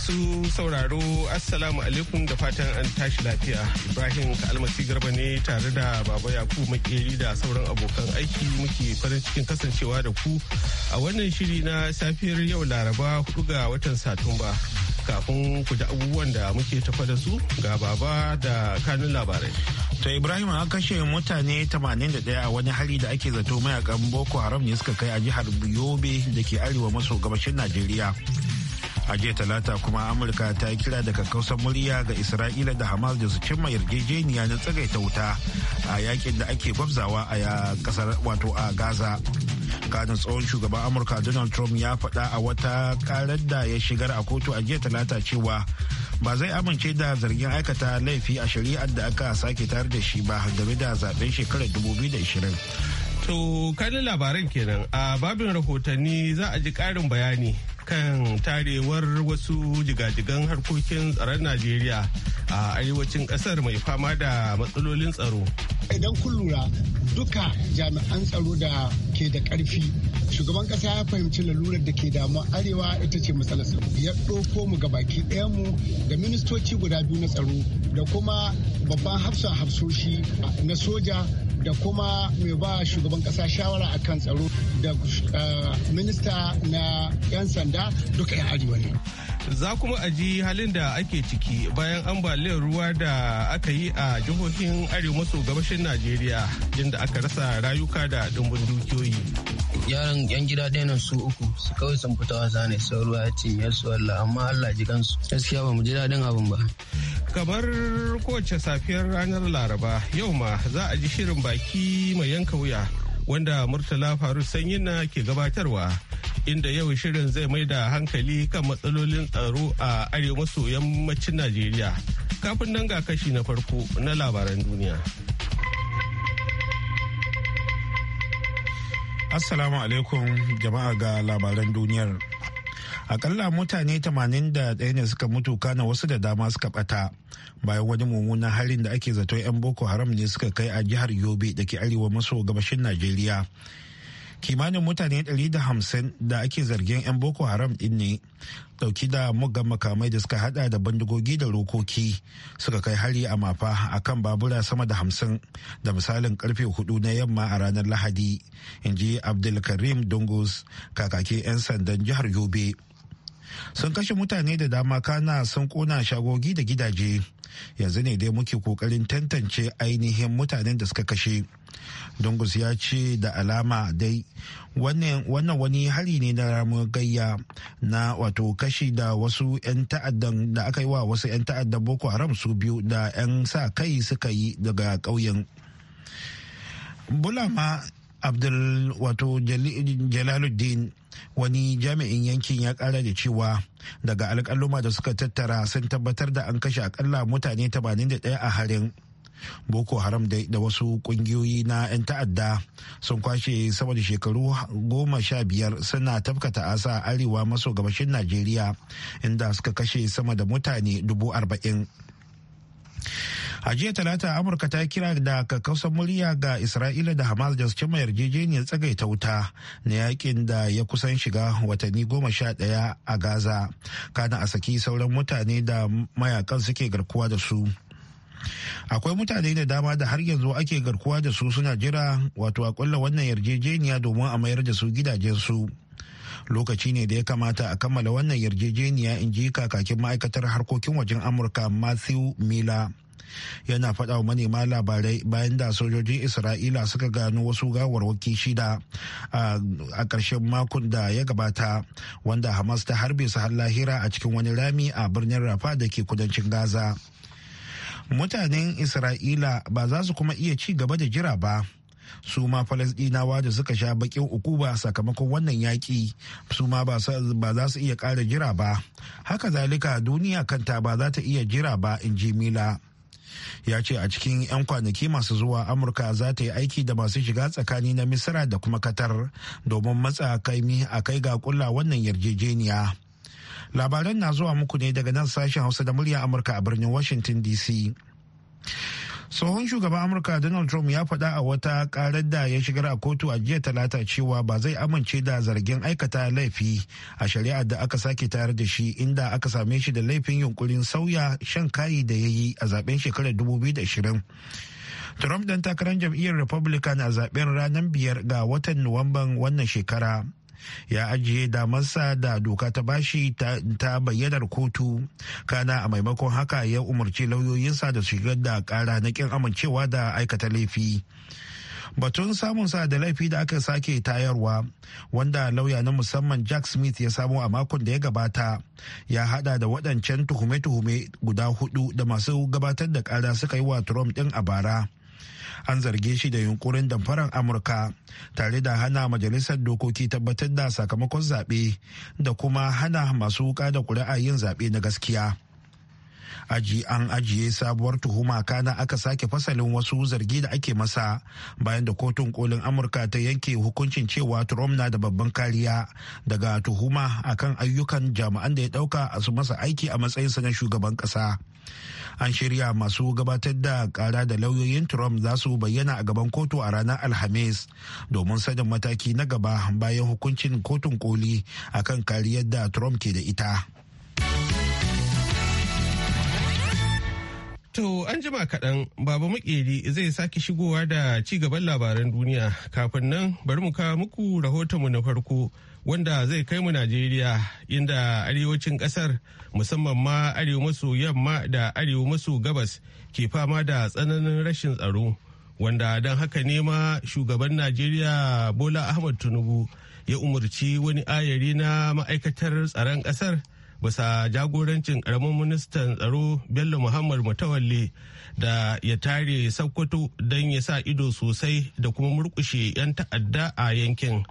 masu sauraro assalamu alaikum da fatan an tashi lafiya ibrahim kalmasi garba ne tare da baba yakubu makeri da sauran abokan aiki muke farin cikin kasancewa da ku a wannan shiri na safiyar yau laraba 4 ga watan satumba kafin ku da abubuwan da muke tafa da su ga baba da kanun labarai. To Ibrahim an kashe mutane 81 a wani hari da ake zato mayakan Boko Haram ne suka kai a jihar buyobe da ke arewa maso gabashin Najeriya. a jiya talata kuma amurka ta yi kira da kakkausar murya ga isra'ila da hamas da su cimma yarjejeniya na tsagaita wuta a yakin da ake gwabzawa a kasar wato a gaza kanin tsohon shugaban amurka donald trump ya faɗa a wata karar da ya shigar a kotu a jiya talata cewa ba zai amince da zargin aikata laifi a shari'ar da aka sake tayar da shi ba game da zaben shekarar 2020 To kanin labaran kenan a babin rahotanni za a ji ƙarin bayani kan tarewar wasu jigajigan harkokin tsaron najeriya a arewacin kasar mai fama da matsalolin tsaro idan kun lura duka jami'an tsaro da ke da karfi shugaban kasa ya fahimci lalurar da ke damuwa arewa ita ce matsalar tsaro ya ɗauko mu gabaki mu da ministoci guda biyu na tsaro da kuma babban hafsa hafsoshi na soja da kuma mai ba shugaban kasa shawara a kan tsaro da eh, minista na 'yan sanda duka 'yan arewa ne. Za kuma a ji halin da ake ciki bayan ambaliyar ruwa da aka yi a jihohin arewa maso gabashin Najeriya inda aka rasa rayuka da dumbin dukiyoyi. Yaran yan gida ɗaya nan su uku su kawai sun fita wasa ne ya ya su Allah amma Allah ji kansu. Gaskiya ba mu ji daɗin abin ba. Kamar kowace safiyar ranar Laraba yau ma za a ji shirin baki mai yanka wuya wanda Murtala Faru Sanyina ke gabatarwa inda yau shirin zai mai da hankali kan matsalolin tsaro a arewa maso yammacin Najeriya. Kafin nan ga kashi na farko na labaran duniya. Assalamu alaikum jama'a ga labaran duniyar. akalla mutane 81 ne suka mutu kana wasu da dama suka bata bayan wani mummunan harin da ake zato 'yan boko haram ne suka kai a jihar yobe da ke arewa maso gabashin najeriya kimanin mutane 150 da ake zargin 'yan boko haram din ne dauki da muggan makamai da suka hada da bindigogi da rokoki suka kai hari a mafa a kan babura sama da hamsin da misalin karfe hudu na yamma a ranar lahadi in ji abdulkarim dungus kakakin 'yan sandan jihar yobe sun kashe mutane da dama kana sun kona shagogi da gidaje yanzu ne dai muke kokarin tantance ainihin mutanen da suka kashe dungus ya ce da alama dai wannan wani hari ne na ramuwar gayya na wato kashi da wasu 'yan ta'addan da aka yi wa wasu 'yan ta'addan boko haram su biyu da 'yan sa kai suka yi daga ƙauyen bulama abdul wato jalaluddin wani jami'in yankin ya kara da cewa daga alkaluma da suka tattara sun tabbatar da an kashe akalla mutane 81 a harin boko haram da wasu kungiyoyi na 'yan ta'adda sun kwashe sama da shekaru goma sha biyar suna tafka ta'asa arewa maso gabashin najeriya inda suka kashe sama da mutane dubu arba'in a jiya talata amurka ta kira da kakkausar murya ga isra'ila da hamas da su cimma yarjejeniyar tsagaita wuta na yakin da ya kusan shiga watanni goma sha ɗaya a gaza kana a saki sauran mutane da mayakan suke garkuwa da su akwai mutane da dama da har yanzu ake garkuwa da su suna jira wato a kulla wannan yarjejeniya domin a mayar da su gidajensu lokaci ne da ya kamata a kammala wannan yarjejeniya in ji kakakin ma'aikatar harkokin wajen amurka matthew miller yana faɗa wa manema labarai bayan da sojojin isra'ila suka gano wasu gawarwaki shida a ƙarshen makon da ya gabata wanda hamas ta harbe su har lahira a cikin wani rami a birnin rafa da ke kudancin gaza mutanen isra'ila ba za su kuma iya ci gaba da jira ba su ma falasdinawa da suka sha bakin ba sakamakon wannan yaƙi su ma ba za su iya ƙara jira ba haka zalika duniya kanta ba za ta iya jira ba in ji mila ya ce a cikin 'yan kwanaki masu zuwa amurka za ta yi aiki da masu shiga tsakani na misira da kuma katar domin matsa kaimi a kai ga kulla wannan yarjejeniya labaran na zuwa muku ne daga nan sashen hausa da murya amurka a birnin washington dc tsohon shugaban amurka donald trump ya faɗa a wata karar da ya shigar a kotu a jiya talata cewa ba zai amince da zargin aikata laifi a shari'ar da aka sake tayar da shi inda aka same shi da laifin yunkurin sauya shan kayi da ya yi a zaben shekarar 2020 Trump dan takarar jam'iyyar Republican a zaben ranar biyar ga watan Nuwamban wannan shekara ya ajiye damarsa da doka ta bashi ta bayyanar kotu kana a maimakon haka ya umarci lauyoyinsa da shigar da kara na kin amincewa da aikata laifi batun samun sa da laifi da aka sake tayarwa wanda lauya na musamman jack smith ya samu a makon da ya gabata ya hada da waɗancan tuhume-tuhume guda hudu da masu gabatar da kara suka yi wa trump ɗin a bara an zarge shi da yunkurin damfaran amurka tare da hana majalisar dokoki tabbatar da sakamakon zaɓe da kuma hana masu wuka da kuri'a yin zaɓe na gaskiya aji an ajiye sabuwar tuhuma kana aka sake fasalin wasu zargi da ake masa bayan da kotun kolin amurka ta yanke hukuncin cewa trump na da babban kariya daga tuhuma akan ayyukan jami'an da ya dauka a su masa aiki a matsayinsa na shugaban kasa an shirya masu gabatar da kara da lauyoyin trump za su bayyana a gaban kotu a ranar alhamis domin sanin mataki na gaba bayan hukuncin kotun koli akan kariyar da trump ke da ita To an jima kaɗan baba makeri zai sake shigowa da ci gaban labaran duniya kafin nan bari mu kawo muku rahotonmu na farko wanda zai kai mu Najeriya inda arewacin kasar musamman ma arewa maso yamma da arewa maso gabas ke fama da tsananin rashin tsaro wanda don haka ne ma shugaban Najeriya Bola Ahmad Tinubu ya umarci wani ayari na ma'aikatar tsaron kasar bisa jagorancin karamin ministan tsaro bello muhammad mutawalle da ya tare sakkwato don ya sa ido sosai da kuma murkushe 'yan ta'adda a yankin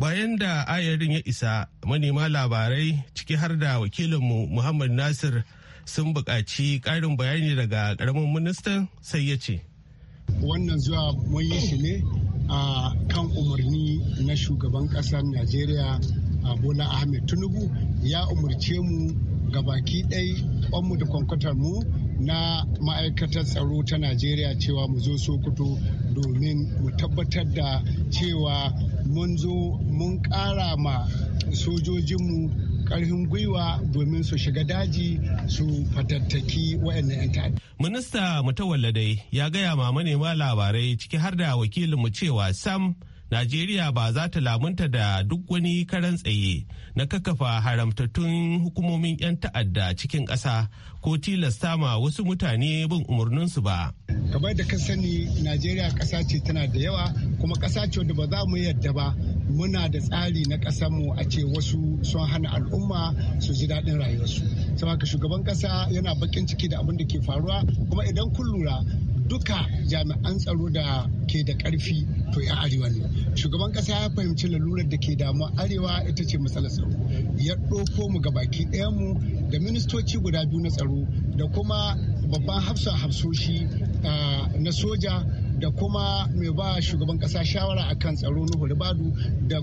bayan da ayarin ya isa manema labarai ciki har da wakilinmu muhammad nasir sun buƙaci ƙarin bayani daga ƙaramin ministan sai ya ce wannan zuwa mun yi shi ne a kan umarni na shugaban ƙasar najeriya bola ahmed tinubu ya umarce mu ga gabaki ɗai mu da kwankwatar mu na ma'aikatar tsaro ta najeriya cewa mu zo sokoto domin mu tabbatar da cewa mun zo mun ƙara ma sojojinmu karfin gwiwa domin su shiga daji su fatattaki waɗannan 'yan ta'adda. Minista Mutawalla dai ya gaya ma manema labarai ciki har da wakilinmu cewa Sam Najeriya ba za ta lamunta da duk wani karan tsaye na kakafa haramtattun hukumomin 'yan ta'adda cikin ƙasa ko tilasta ma wasu mutane bin umarninsu ba. Kamar da ka sani Najeriya ƙasa ce tana da yawa kuma ƙasa ce da ba za mu yadda ba muna da tsari na ƙasarmu a ce wasu sun hana al'umma su ji daɗin rayuwarsu. Saboda shugaban ƙasa yana baƙin ciki da abin da ke faruwa kuma idan kun lura duka jami'an tsaro da ke da karfi to ya arewa ne shugaban kasa ya fahimci lalurar da ke damuwa arewa ita ce matsalar tsaro ya ɗauko mu ga baki mu da ministoci guda biyu na tsaro da kuma babban hafsa hafsoshi na soja da kuma mai ba shugaban kasa shawara akan tsaro nuhu ribadu da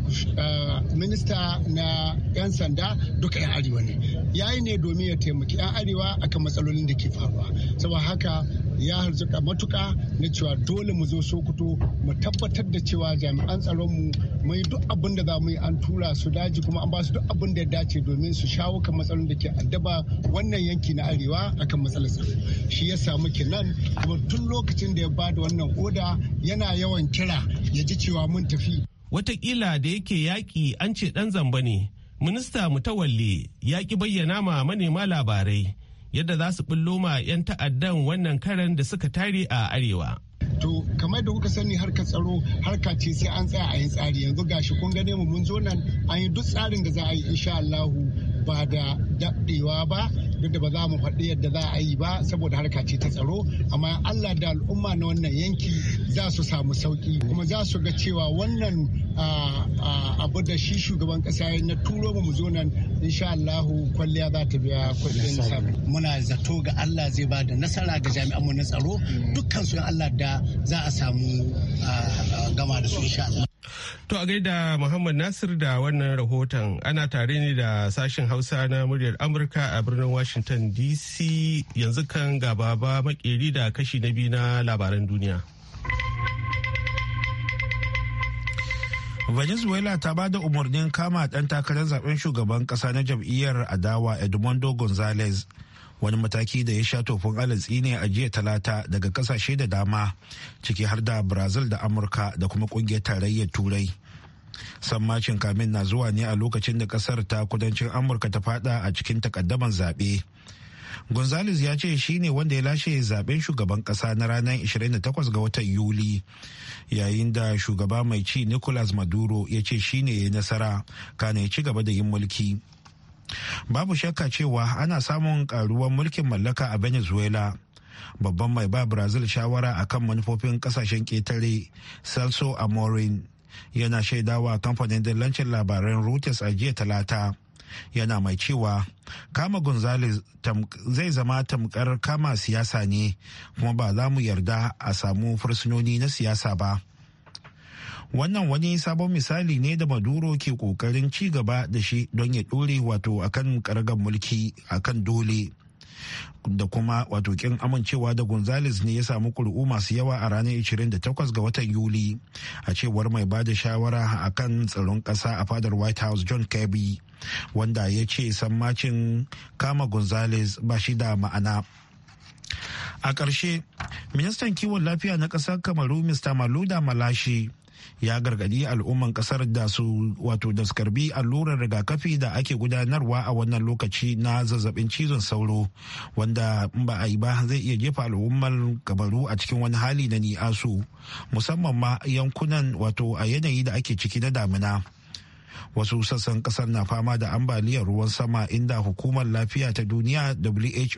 minista na 'yan sanda duka 'yan arewa ne yayi ne domin ya taimaki 'yan arewa akan matsalolin da ke faruwa saboda haka ya harzuka matuka na cewa dole mu zo sokoto mu tabbatar da cewa jami'an tsaronmu mu duk abin da za mu yi an tura su daji kuma an ba su duk abin da ya dace domin su shawo kan matsalolin da ke addaba wannan yanki na arewa akan matsalar tsaro shi ya samu nan kuma tun lokacin da ya ba da wannan oda yana yawan kira ya ji cewa mun tafi watakila da yake yaƙi an ce ɗan zamba ne minista ta ya yaƙi bayyana ma manema labarai yadda za su bullo ma 'yan ta'addan wannan karan da suka tare a arewa. to kamar da kuka sani harkar tsaro harka ce sai an tsaya a yi tsari yanzu gashi kun gane mu mun zo nan an yi duk tsarin da za a yi insha Allahu ba da daɗewa ba duk da ba za mu faɗi yadda za a yi ba saboda harka ce ta tsaro amma allah da al'umma na wannan yanki za su samu sauki kuma za su ga cewa wannan abu da shi shugaban kasa ya na turo mu mu zo nan insha allahu kwalliya za ta biya kuɗin muna zato ga allah zai ba da nasara ga jami'an mu na tsaro mm. dukkan su allah da za a samu gama da su insha allah To a gaida Muhammad Nasir da wannan rahoton ana tare ne da sashen Hausa na muryar Amurka a birnin Washington DC yanzu kan gaba ba makeri da kashi na biyu na labaran duniya. venezuela ta ba da umarnin kama ɗan takarar zaben shugaban ƙasa na jam'iyyar adawa edmundo gonzalez wani mataki da ya sha tofin alatsi ne a jiya talata daga kasashe da dama ciki har da brazil da amurka da kuma kungiyar tarayyar turai sammacin kamin na zuwa ne a lokacin da kasar ta kudancin amurka ta fada a cikin takaddaman zaɓe gonzales ya ce shi ne wanda ya lashe zaben shugaban kasa na ranar 28 ga watan yuli yayin da shugaba mai ci nicolas maduro ya ce shi ne ya nasara kana ya ci gaba da yin mulki babu shakka cewa ana samun karuwar mulkin mallaka a venezuela babban mai ba brazil shawara a kan manufofin kasashen ketare celso amorin yana shaidawa kamfanin dillancin labaran reuters a jiya talata yana mai cewa kama gonzales zai zama tamkar kama siyasa ne kuma ba za mu yarda a samu fursunoni na siyasa ba wannan wani sabon misali ne da maduro ke kokarin ci gaba da shi don ya dore wato akan karagar mulki akan dole da kuma wato kin amincewa da gonzales ne ya samu kuri'u masu yawa a ranar 28 ga watan yuli a cewar mai ba da shawara a kan tsaron kasa a fadar white house john kirby wanda ya ce sammacin kama gonzales ba shi da ma'ana a ƙarshe ministan kiwon lafiya na ƙasar kamaru mr maluda malashi ya gargadi al'umman kasar da su wato da su karbi allurar rigakafi da ake gudanarwa a wannan lokaci na zazzabin cizon sauro wanda ba a yi ba zai iya jefa al'ummar kabaru a cikin wani hali ni ni'asu musamman ma yankunan wato a yanayi da ake ciki na damina. wasu sassan kasar na fama da ambaliyar ruwan sama inda hukumar lafiya ta duniya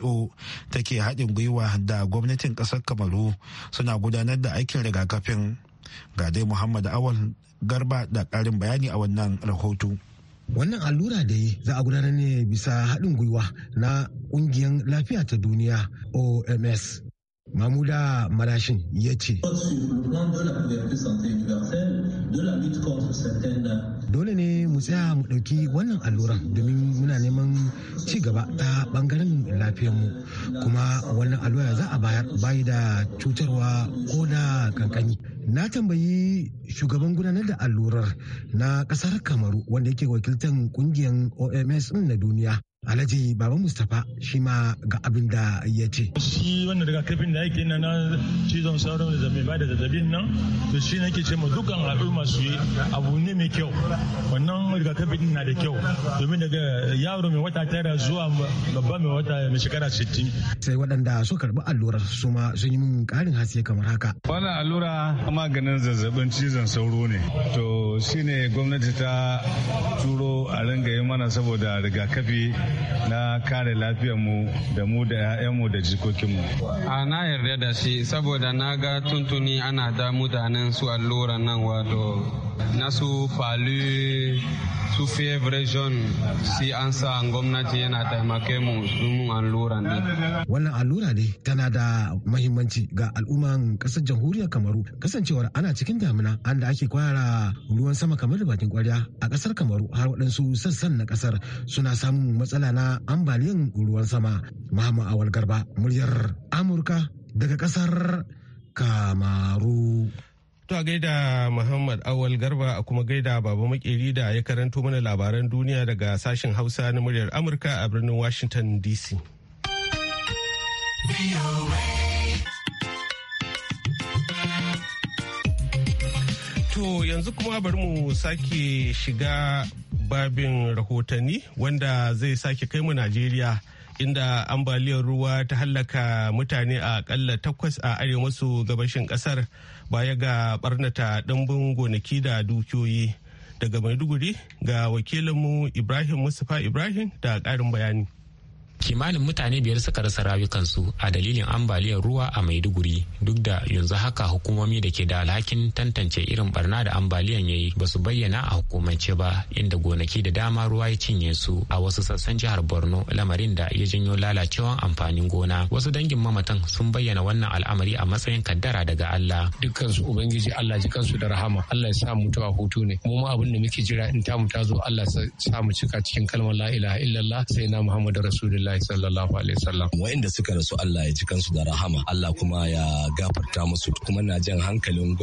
who take haɗin gwiwa da gwamnatin ƙasar kamaru suna gudanar da aikin rigakafin ga dai muhammad awal garba da ƙarin bayani a wannan rahoto. wannan allura da yi za a gudanar ne bisa haɗin gwiwa na ƙungiyar lafiya ta duniya oms Mamuda Malashin ya ce. Dole ne mu tsaya mu ɗauki wannan alluran domin muna neman ci gaba ta ɓangaren lafiyarmu kuma wannan allura za a bayar bayi da cutarwa ko da kankani. Na tambayi shugaban gudanar da allurar na ƙasar Kamaru wanda yake wakiltar ƙungiyar OMS na duniya alhaji baba mustapha shi ma ga abin da ya ce shi wannan rigakafin da ake na cizon sauran da zame ba da zazzabin nan to shi nake ce ma dukkan al'umma su yi abu ne mai kyau wannan rigakafin na da kyau domin daga yaro mai wata tara zuwa babba mai wata mai shekara 60 sai waɗanda su karbi allura su ma sun yi min ƙarin hasiye kamar haka wannan allura maganin zazzabin cizon sauro ne to shine gwamnati ta turo a ringa yi mana saboda rigakafi na kare mu da mu da 'ya'yanmu da jikokinmu. A na yarda da shi saboda na ga tuntuni ana da mutanen su allura nan wato nasu falu sufiye version si an sa gwamnati yana taimake mu mun allura ne. Wannan allura ne tana da mahimmanci ga al'umman kasar jamhuriyar Kamaru kasancewar ana cikin damina an da ake kwara ruwan sama kamar da bakin kwarya a kasar Kamaru har waɗansu sassan na kasar suna samun matsala na ambaliyan ruwan sama. Muhammad Awal Garba muryar Amurka daga kasar Kamaru. To a gaida Muhammad Awal Garba a kuma gaida Baba Makeri da ya karanto mana labaran duniya daga sashen Hausa na muryar Amurka a birnin Washington DC. To yanzu kuma bari mu sake shiga babin rahotanni wanda zai sake kai mu Najeriya. inda ambaliyar ruwa ta hallaka mutane a akalla takwas a arewa maso gabashin kasar baya ga barnata ɗanbin gonaki da dukiyoyi daga maiduguri ga wakilinmu ibrahim mustapha ibrahim da ƙarin bayani kimanin mutane biyar suka rasa rayukansu a dalilin ambaliyar ruwa a maiduguri duk da yanzu haka hukumomi da ke da alhakin tantance irin barna da ambaliyan yayi yi ba su bayyana a hukumance ba inda gonaki da dama ruwa ya cinye su a wasu sassan jihar borno lamarin da ya janyo lalacewan amfanin gona wasu dangin mamatan sun bayyana wannan al'amari a matsayin kaddara daga allah dukkansu ubangiji allah ji kansu da rahama allah ya sa mutuwa hutu ne mu ma abin da muke jira in ta mu ta zo allah sa mu cika cikin kalmar la ilaha illallah sai na muhammadu rasulullah rasulullahi sallallahu alaihi wasallam wanda suka rasu Allah ya ji kansu da rahama Allah kuma ya gafarta musu kuma na jan hankalin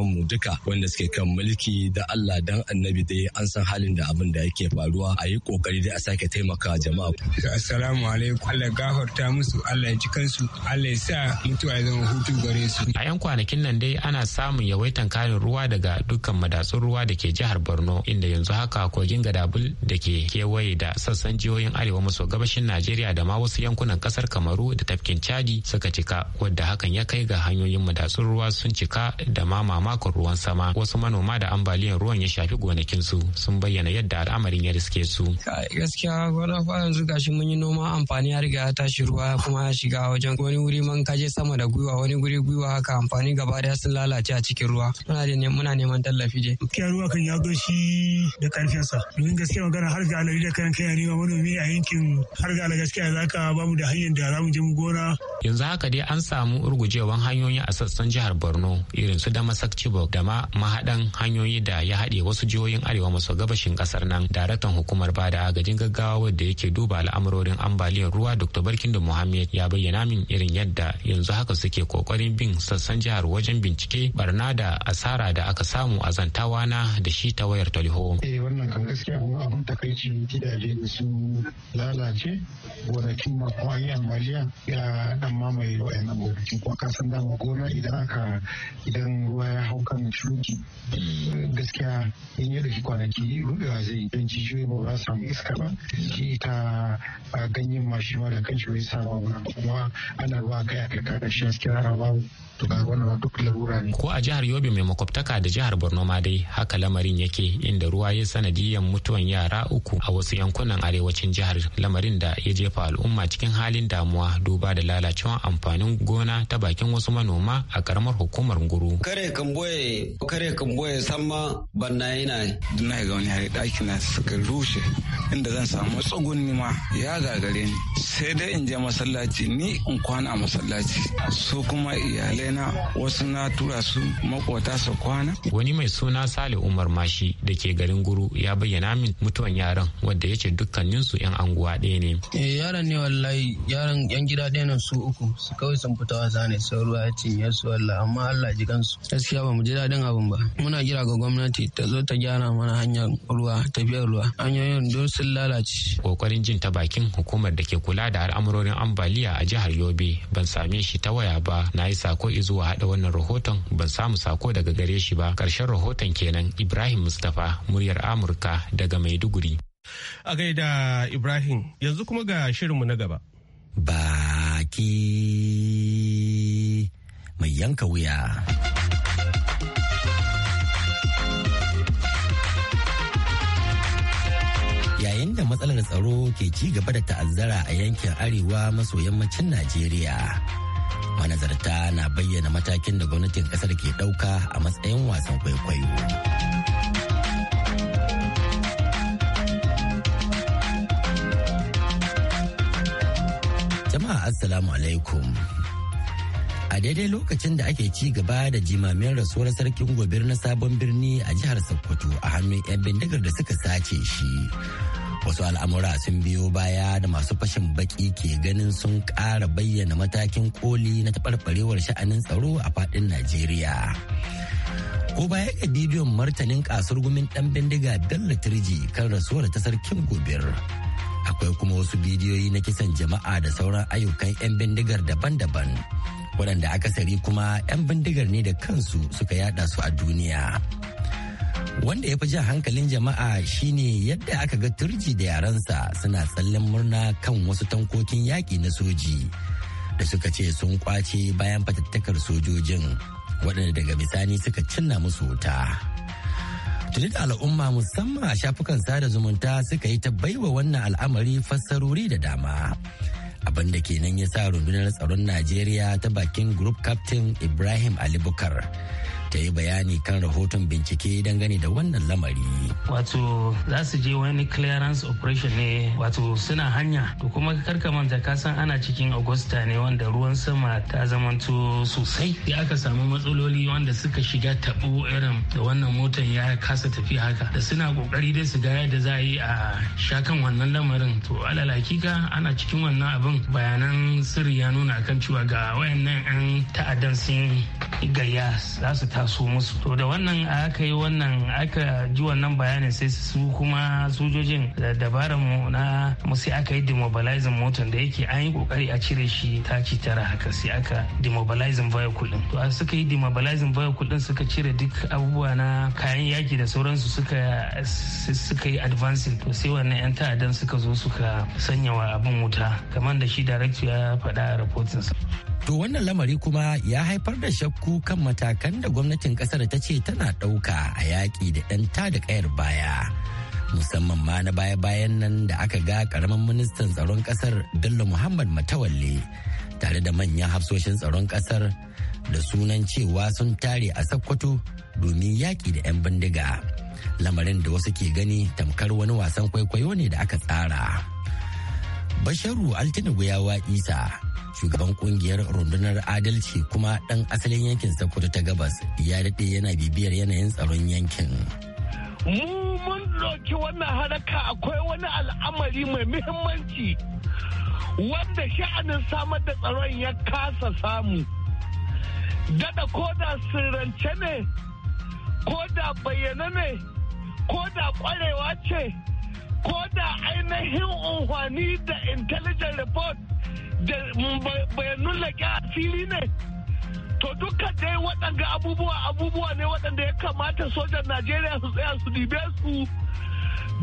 mu duka wanda suke kan mulki da Allah dan annabi dai an san halin da abin da yake faruwa a yi kokari dai a sake taimaka jama'a assalamu alaikum Allah gafarta musu Allah ya ji kansu Allah ya sa mutuwa ya zama hutu gare su a yan kwanakin nan dai ana samun yawaitan karin ruwa daga dukkan madatsun ruwa da ke jihar Borno inda yanzu haka kogin Gadabul da ke kewaye da sassan jihohin arewa maso gabashin Najeriya najeriya da ma wasu yankunan kasar kamaru da tafkin chadi suka cika wadda hakan ya kai ga hanyoyin madatsun ruwa sun cika da ma mamakon ruwan sama wasu manoma da ambaliyar ruwan ya shafi gonakinsu sun bayyana yadda al'amarin ya riske su gaskiya gona fa yanzu gashi mun yi noma amfani ya riga ya tashi ruwa kuma ya shiga wajen wani wuri man kaje sama da gwiwa wani guri gwiwa haka amfani gaba daya sun lalace a cikin ruwa muna neman tallafi je gaskiya ruwa kan ya zo shi da sa domin gaskiya magana har ga alari da kayan kai ne manomi a yankin har ga alaga gaskiya za ka ba da hanyar da za mu je mu gona. yanzu haka dai an samu urgujewan hanyoyi a sassan jihar borno irin su da chibok da ma mahaɗan hanyoyi da ya haɗe wasu jihohin arewa maso gabashin ƙasar nan daraktan hukumar ba da agajin gaggawa wadda yake duba al'amurorin ambaliyar ruwa dr barkindo muhammed ya bayyana min irin yadda yanzu haka suke kokarin bin sassan jihar wajen bincike barna da asara da aka samu a zantawa na da shi ta wayar talho. eh wannan kan gaskiya abun takaici gidaje su lalace gonakin makwai ambaliya ya dan mamaye yana gonaki kuma ka san dama gona idan aka idan ruwa ya hau kan shuki gaskiya in yi dauki kwanaki rubewa zai don shi ba za samu iska ba shi ita ganyen mashi ma da shi wai sa ba kuma ana ruwa kai aka kada shi gaskiya ba ko a jihar Yobe mai makwabtaka da jihar Borno ma dai haka lamarin yake inda ruwa ya sanadiyan mutuwan yara uku a wasu yankunan arewacin jihar lamarin da ya jefa al'umma cikin halin damuwa duba da lalacewar amfanin gona ta bakin wasu manoma a karamar hukumar guru. kare kamboye kare kamboye sama banna yana na ga wani hari na suka rushe inda zan samu tsugunni ma ya gagare ni sai dai in je masallaci ni in kwana a masallaci su kuma iyalai yana wasu na tura su makwata su kwana. Wani mai suna Sale Umar Mashi da ke garin Guru ya bayyana min mutuwan yaran wanda ya ce dukkaninsu 'yan anguwa ɗaya ne. Eh yaran ne wallahi yaran 'yan gida ɗaya nan su uku su kawai sun fita wasa ne sau ruwa ya cinye su amma Allah ji kansu. Gaskiya ba mu ji daɗin abin ba. Muna gira ga gwamnati ta zo ta gyara mana hanyar ruwa tafiyar ruwa hanyoyin don sun lalace. Kokarin jin ta bakin hukumar da ke kula da al'amurorin ambaliya a jihar Yobe ban same shi ta waya ba na yi sako zuwa hada wannan rahoton ban samu sako daga gare shi ba karshen rahoton kenan ibrahim mustapha muryar amurka daga maiduguri a gaida ibrahim yanzu kuma ga shirinmu na gaba baki mai yanka wuya yayin da matsalar tsaro ke ci gaba da ta'azzara a yankin arewa maso yammacin najeriya manazarta na bayyana matakin da gwamnatin kasar ke ɗauka a matsayin wasan kwaikwayo jama'a assalamu alaikum a daidai lokacin da ake ci gaba da jimamin rasuwar sarkin gobir na sabon birni a jihar sokoto a hannun 'yan bindigar da suka sace shi wasu al'amura sun biyo baya da masu fashin baki ke ganin sun ƙara bayyana matakin koli na taɓarɓarewar sha'anin tsaro a faɗin najeriya ko baya ga bidiyon martanin kasar gumin ɗan bindiga bello turji kan rasuwar ta sarkin gobir akwai kuma wasu bidiyoyi na kisan jama'a da sauran ayyukan 'yan bindigar daban-daban waɗanda akasari kuma 'yan bindigar ne da kansu suka yada su a duniya. Wanda ya fi jan hankalin jama'a shine yadda aka ga turji da yaransa suna tsallen murna kan wasu tankokin yaƙi na soji da suka ce sun kwace bayan fatattakar sojojin waɗanda daga bisani suka cinna musu wuta. Tuni al'umma musamman a shafukan sada zumunta suka yi ta baiwa wannan al'amari fassarori da dama. abin da kenan ya sa rundunar tsaron Najeriya ta bakin Group Captain Ibrahim Ali Bukar ta yi bayani kan rahoton bincike dangane da wannan lamari. Wato za su je wani clearance operation ne wato suna hanya to kuma karka manta ka san ana cikin Augusta ne wanda ruwan sama ta zamanto sosai sai aka samu matsaloli wanda suka shiga tabo irin da wannan motan ya kasa tafi haka da suna kokari dai su ga yadda za a yi a shakan wannan lamarin to alal hakika ana cikin wannan abin bayanan sirri ya nuna akan cewa ga wayannan 'yan ta'addan sun gayya za su taso musu to da wannan aka yi wannan aka ji wannan bayanin sai su kuma sojojin da dabaran mu na mu sai aka yi demobilizing motor da yake an yi kokari a cire shi ta ci tara haka sai aka demobilizing vehicle din to suka yi demobilizing vehicle din suka cire duk abubuwa na kayan yaki da sauransu suka suka yi advancing to sai wannan yan ta'addan suka zo suka sanya wa abin wuta kamar da shi director ya faɗa a sa To wannan lamari kuma ya haifar da shakku kan matakan da gwamnatin kasar ta ce tana ɗauka a yaƙi da ɗan da ƙayar baya. Musamman ma na baya-bayan nan da aka ga ƙaramin ministan tsaron ƙasar Bello Muhammad Matawalle tare da manyan hafsoshin tsaron ƙasar da sunan cewa sun tare a Sokoto domin yaƙi da 'yan bindiga. Lamarin da wasu ke gani tamkar wani wasan kwaikwayo ne da aka tsara. Basharu Altinubu ya isa shugaban kungiyar rundunar adalci kuma ɗan asalin yankin sokoto ta gabas ya daɗe yana bibiyar yanayin tsaron yankin mu mun ɗauki wannan haraka akwai wani al'amari mai muhimmanci wanda sha'anin samar da tsaron ya kasa samu dada da sirrance ne ko da bayyana ne ko da kwarewa ce ko da ainihin unhwani da intelligent report bayanun laƙi fili ne to dukkan dai waɗanda abubuwa abubuwa ne waɗanda ya kamata sojan najeriya su tsaya su dibe su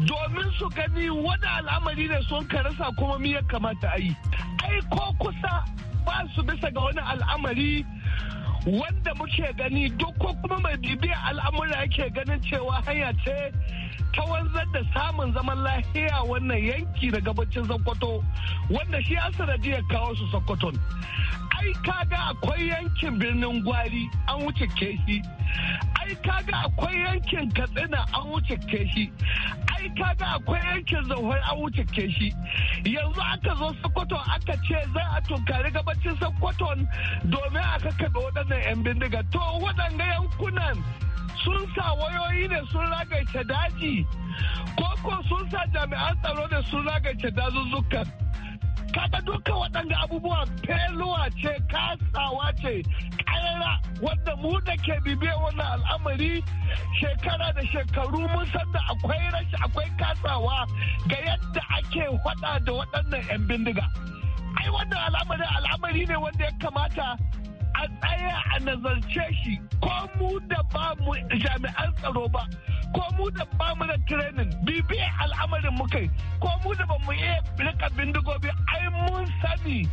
domin su gani wani al'amari ne sun karasa kuma mi ya kamata a yi ai ko kusa ba su bisa ga wani al'amari wanda muke gani duk ko kuma mai bibiya al'amura yake ganin cewa hanya ce ta wanzar da samun zaman lahiya wannan yanki da gabacin sokoto wanda shi ya sanadiyar kawo su sokoton ai kaga akwai yankin birnin gwari an wuce keshi ai kaga akwai yankin katsina an wuce keshi ai kaga akwai yankin zauhar an wuce keshi yanzu aka zo sokoto aka ce za a tunkari gabacin sokoton domin a kaɗo waɗannan 'yan bindiga to waɗanga yankunan sun sa wayoyi ne sun ragaice daji ko ko sun sa jami'an tsaro ne sun ragaice dazuzzukan kaga duka waɗanda abubuwa feluwa ce kasawa ce ƙarara wanda mu da ke bibe wannan al'amari shekara da shekaru mun san da akwai rashi akwai kasawa ga yadda ake faɗa da waɗannan 'yan bindiga ai wannan al'amari al'amari ne wanda ya kamata a tsaya a nazarce shi ko mu da ba mu jami'an tsaro ba ko mu da ba mu da training bibiya al'amarin mu kai ko mu da ba mu iya rika bindigobi ai mun sani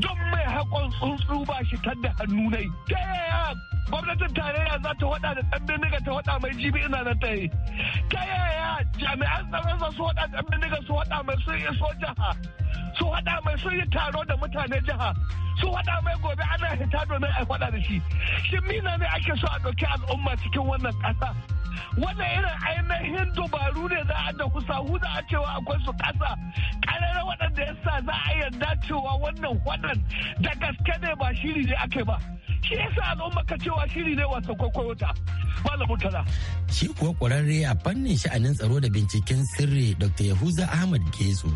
don mai hakon tsuntsu ba shi tadda hannu nai ta yaya gwamnatin tarayya za ta wada da ɗan bindiga ta wada mai jibi ina na ta yi ta yaya jami'an tsaron za su wada ɗan bindiga su wada mai sun iso jiha su wada mai sun yi taro da mutane jiha su wada mai gobe ana hita domin a wada da shi shin mina ne ake so a ɗauki al'umma cikin wannan ƙasa wannan irin ainihin dubaru ne za a da kusa huda a cewa akwai su kasa karara waɗanda ya sa za a yarda cewa wannan wannan da gaske ne ba shiri ne ake ba shi yasa al'umma ka cewa shiri ne wasan kwaikwayo ta malamin shi kuwa ƙwararre a fannin sha'anin tsaro da binciken sirri dr yahuza ahmad getsu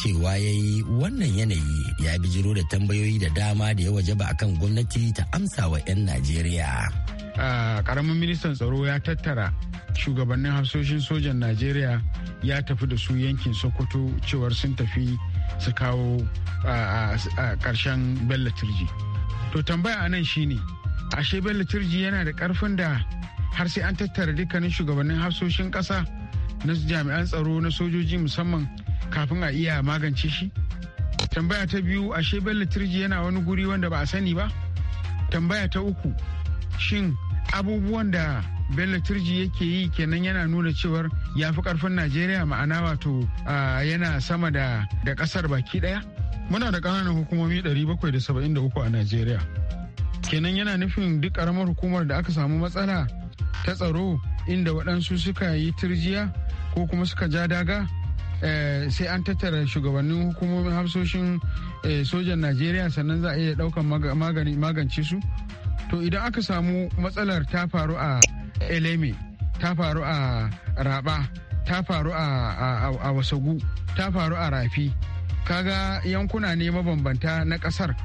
cewa ya yi wannan yanayi ya bijiro da tambayoyi da dama da ya wajaba akan gwamnati ta amsa wa 'yan najeriya. Eh, karamin ministan tsaro ya tattara shugabannin hafsoshin sojan najeriya ya tafi da su yankin sokoto cewar sun tafi su kawo karshen bello turji to tambaya a nan shine ashe bello turji yana da karfin da har sai an tattara dukkanin shugabannin hafsoshin kasa na jami'an tsaro na sojoji musamman kafin a iya magance shi tambaya ta biyu ashe bello turji yana wani guri wanda ba a sani ba tambaya ta uku shin abubuwan da bello turji yake yi kenan yana nuna cewar ya fi karfin najeriya ma'ana wato yana sama da kasar baki daya muna da kananan hukumomi 773 a najeriya kenan yana nufin duk karamar hukumar da aka samu matsala ta tsaro inda waɗansu suka yi turjiya ko kuma suka ja daga eh, sai an tattara shugabannin hukumomin hafsoshin eh, sojan najeriya sannan za a iya ɗaukan magance su to idan aka samu matsalar ta faru a eleme ta faru a raba ta faru a wasagu ta faru a rafi kaga yankuna ne mabambanta na kasar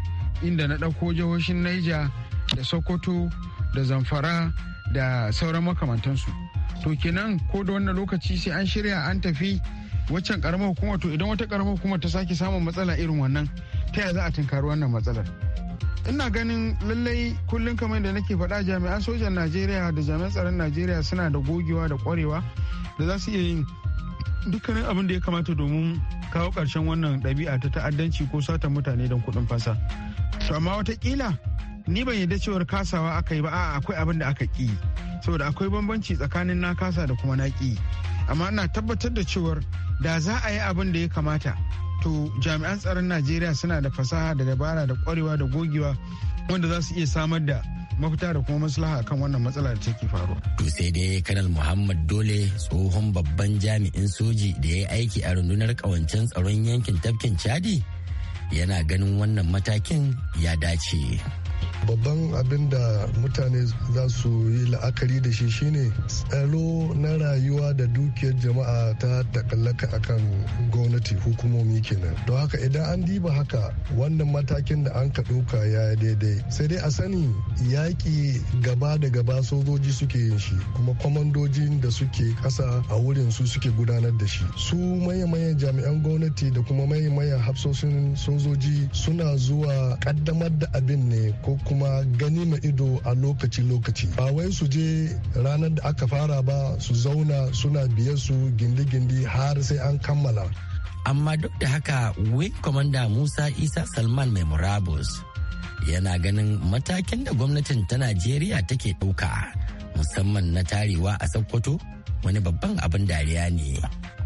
inda na ɗauko jihohin naija da sokoto da zamfara da sauran makamantansu to kenan ko da wannan lokaci sai an shirya an tafi waccan karamar hukumar to idan wata karamar hukumar ta sake samun matsala irin wannan ta ya za a tunkari wannan matsalar ina ganin lallai kullum kamar da nake faɗa jami'an sojan najeriya da jami'an tsaron najeriya suna da gogewa da kwarewa da za su iya yin dukkanin abin da ya kamata domin kawo ƙarshen wannan ɗabi'a ta ta'addanci ko sata mutane don kuɗin fasa to amma watakila ni ban yarda cewar kasawa aka yi ba a'a akwai abin da aka ƙi saboda akwai bambanci tsakanin na kasa da kuma na ƙi amma ina tabbatar da cewar da za a yi abin da ya kamata to jami'an tsaron najeriya suna da fasaha da dabara da kwarewa da gogewa wanda za su iya samar da mafita da kuma maslaha kan wannan matsala da take faruwa. To sai dai Kanal Muhammad Dole tsohon babban jami'in soji da ya yi aiki a rundunar kawancen tsaron yankin tafkin Chadi yana ganin wannan matakin ya dace. babban abin da mutane za su yi la'akari da shi shine tsaro na rayuwa da dukiyar jama'a ta takallaka akan gwamnati hukumomi kenan don haka idan an diba haka wannan matakin da an ka ɗauka ya daidai sai dai a sani yaƙi gaba da gaba sojoji suke yin shi kuma kwamandojin da suke ƙasa a wurin su suke gudanar da shi su manya-manyan jami'an gwamnati da kuma manya-manyan hafsoshin sojoji suna zuwa ƙaddamar da abin ne ko kuma gani ma ido a lokaci-lokaci ba wai su je ranar da aka fara ba su zauna suna biye su gindi-gindi har sai an kammala amma duk da haka wing commander musa isa salman mai murabus yana ganin matakin da gwamnatin ta najeriya take ɗauka musamman na tarewa a sokoto wani babban abin dariya ne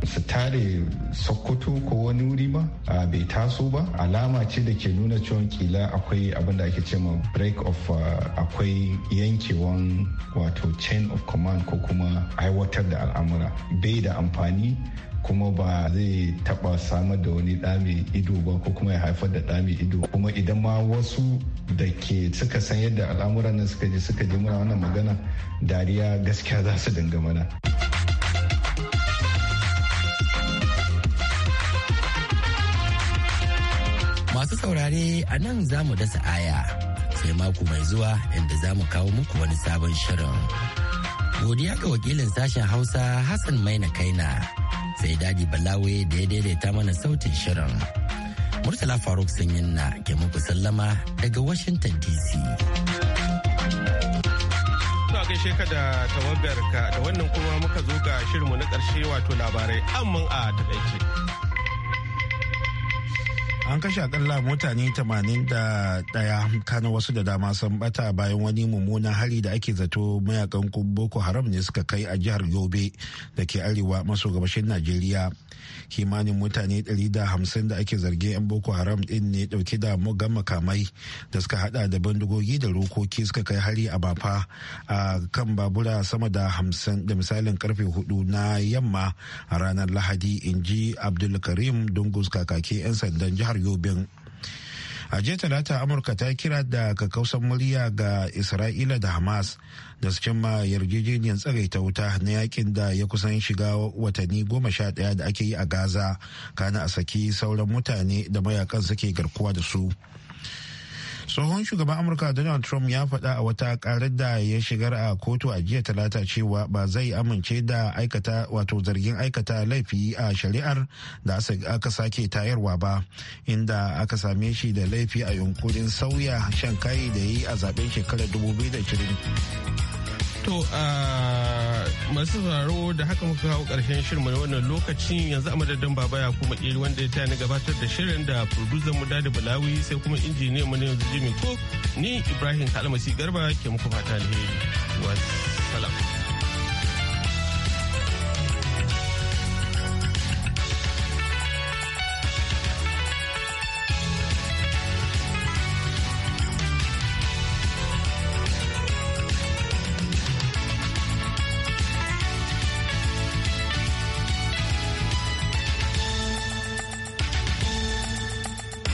su tare sokoto ko wani wuri ba a bai taso ba alama ce da ke nuna cewa kila akwai abin da ake ce ma break of akwai yankewan wato chain of command ko kuma aiwatar da al'amura bai da amfani kuma ba zai taba samar da wani ɗa ido ba ko kuma ya haifar da ɗa ido kuma idan ma wasu da ke suka san yadda al'amuran nan suka je suka ji muna wannan magana dariya gaskiya za su dinga mana. Masu saurare a nan za mu dasa aya sai mako mai zuwa inda za mu kawo muku wani sabon shirin. Godiya ga wakilin sashen Hausa Hassan Maina na sai Dadi Balawe da ya daidaita mana sautin shirin. Murtala Faruk yi na ke muku sallama daga Washington DC. Ina gaishe ka da ka da wannan kuma muka zo ga shirinmu na ƙarshe wato labarai amman a takaice. an kashe akalla mutane 81 kana wasu da dama sun bata bayan wani mummunan hari da ake zato mayakan boko haram ne suka kai a jihar yobe da ke arewa maso gabashin najeriya kimanin mutane 150 da ake zargin 'yan boko haram din ne dauke da mugan makamai da suka hada da bandugogi da rokoki suka kai hari a bafa a kan babura sama da 50 da misalin karfe 4 na yamma a ranar lahadi in ji abdulkarim dungus kakaki 'yan sandan jihar yobin a jiya talata amurka ta kira da kakausan murya ga isra'ila da hamas da su cimma yarjejeniyar tsagaita wuta na yakin da ya kusan shiga watanni goma sha daya da ake yi a gaza kana a saki sauran mutane da mayakan suke garkuwa da su tsohon shugaban amurka donald trump ya faɗa a wata karar da ya shigar a kotu a jiya talata cewa ba zai amince da aikata wato zargin aikata laifi a shari'ar da aka sake tayarwa ba inda aka same shi da laifi a yunkurin sauya shan kayi da yi a zaben shekarar 2020 To masu sauraro da haka muka kawo ƙarshen shirin na wannan lokacin yanzu a madadin baba ya kuma iri wanda ya tani gabatar da shirin da producer mu da bulawi sai kuma injiniyan mu ne yanzu jimmy cook ni ibrahim kalmasi garba ke muku fata alheri wasu